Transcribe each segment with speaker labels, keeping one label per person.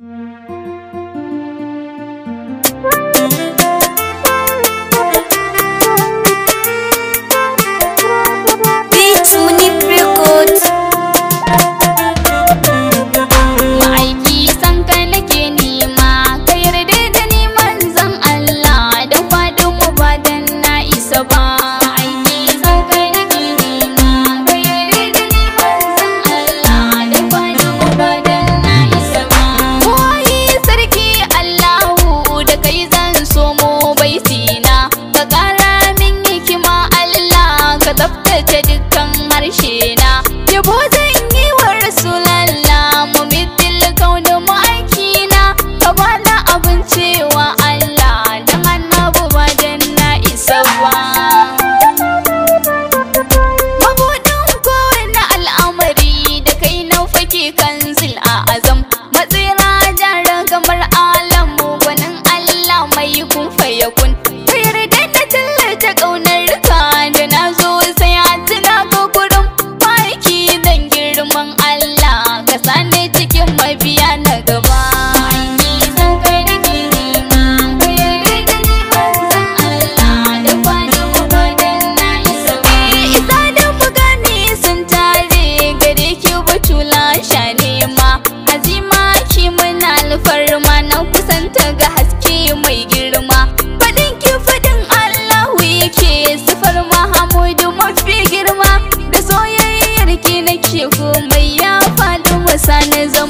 Speaker 1: Mm-hmm. is naweza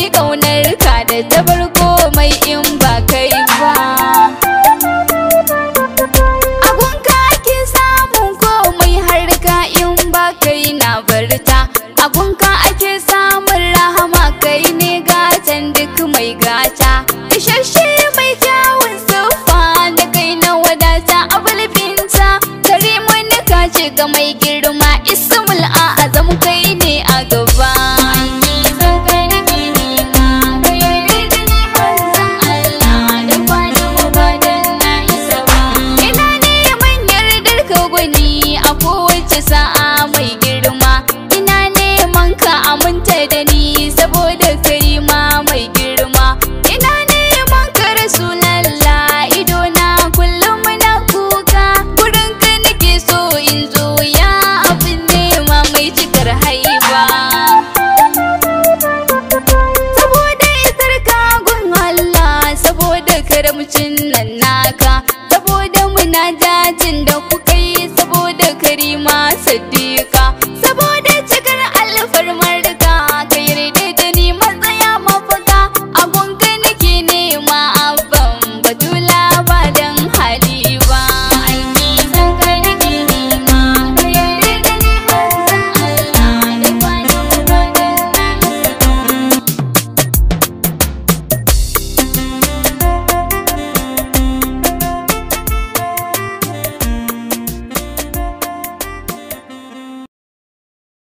Speaker 1: ni kaunar da ta farko mai in ba kai ba abun ka samun komai har ka in ba kai na barta abun ka ake samun rahama kai ne gatan duk mai gata isasshe mai kyawun sofa da kai na wadata a bulbinta kare ka ce mai girma isu